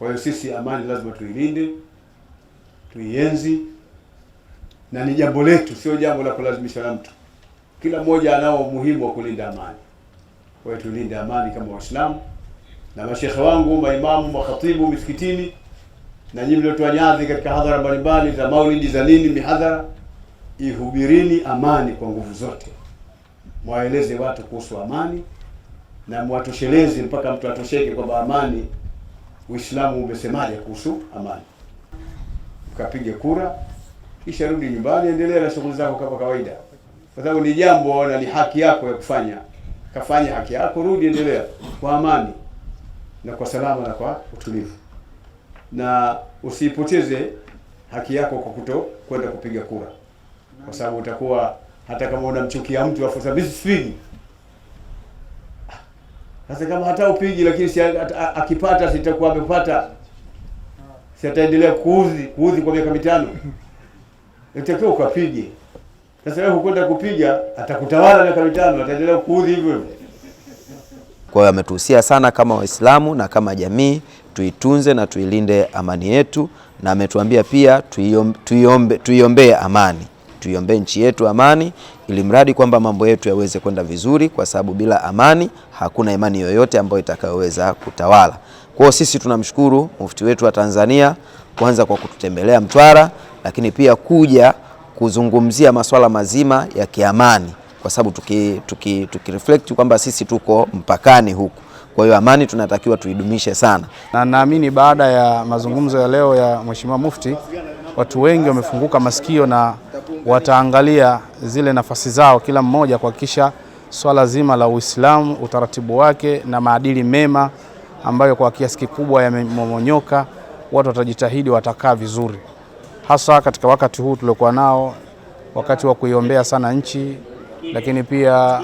Kwa hiyo sisi amani lazima tuilinde, tuienzi, na ni jambo letu, sio jambo la kulazimishwa na mtu. Kila mmoja anao umuhimu wa kulinda amani. Kwa hiyo tulinde amani kama Waislamu na mashekhe wangu, maimamu, makhatibu misikitini na nyinyi mliotoa nyadhi katika hadhara mbalimbali za maulidi za nini, mihadhara, ihubirini amani kwa nguvu zote, mwaeleze watu kuhusu amani na mwatosheleze mpaka mtu atosheke kwamba amani Uislamu umesemaje kuhusu amani. Ukapige kura kisha rudi nyumbani, endelea na shughuli zako kama kawaida, kwa sababu ni jambo na ni haki yako ya kufanya. Kafanya haki yako, rudi, endelea kwa amani na kwa salama na kwa utulivu, na usipoteze haki yako kwa kuto kwenda kupiga kura, kwa sababu utakuwa hata kama unamchukia mtu afu sasa mimi sipigi sasa kama hata upigi lakini si akipata sitakuwa amepata, si ataendelea kuuzi kuuzi kwa miaka mitano, itakiwa ukapige. Sasa wewe hukwenda kupiga, atakutawala miaka mitano, ataendelea kuuzi hivyo hivyo. Kwa hiyo ametuhusia sana kama Waislamu na kama jamii tuitunze na tuilinde amani yetu, na ametuambia pia tuiombe, tuiombee amani tuiombee nchi yetu amani, ili mradi kwamba mambo yetu yaweze kwenda vizuri, kwa sababu bila amani hakuna imani yoyote ambayo itakayoweza kutawala. Kwa hiyo sisi tunamshukuru mufti wetu wa Tanzania kwanza kwa kututembelea Mtwara, lakini pia kuja kuzungumzia masuala mazima ya kiamani, kwa sababu tuki, tuki, reflect kwamba sisi tuko mpakani huku kwa hiyo amani tunatakiwa tuidumishe sana, na naamini baada ya mazungumzo ya leo ya Mheshimiwa Mufti watu wengi wamefunguka masikio na wataangalia zile nafasi zao kila mmoja kuhakikisha swala zima la Uislamu, utaratibu wake na maadili mema ambayo kwa kiasi kikubwa yamemomonyoka, watu watajitahidi, watakaa vizuri, hasa katika wakati huu tuliokuwa nao, wakati wa kuiombea sana nchi, lakini pia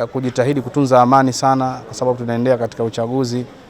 eh, kujitahidi kutunza amani sana, kwa sababu tunaendea katika uchaguzi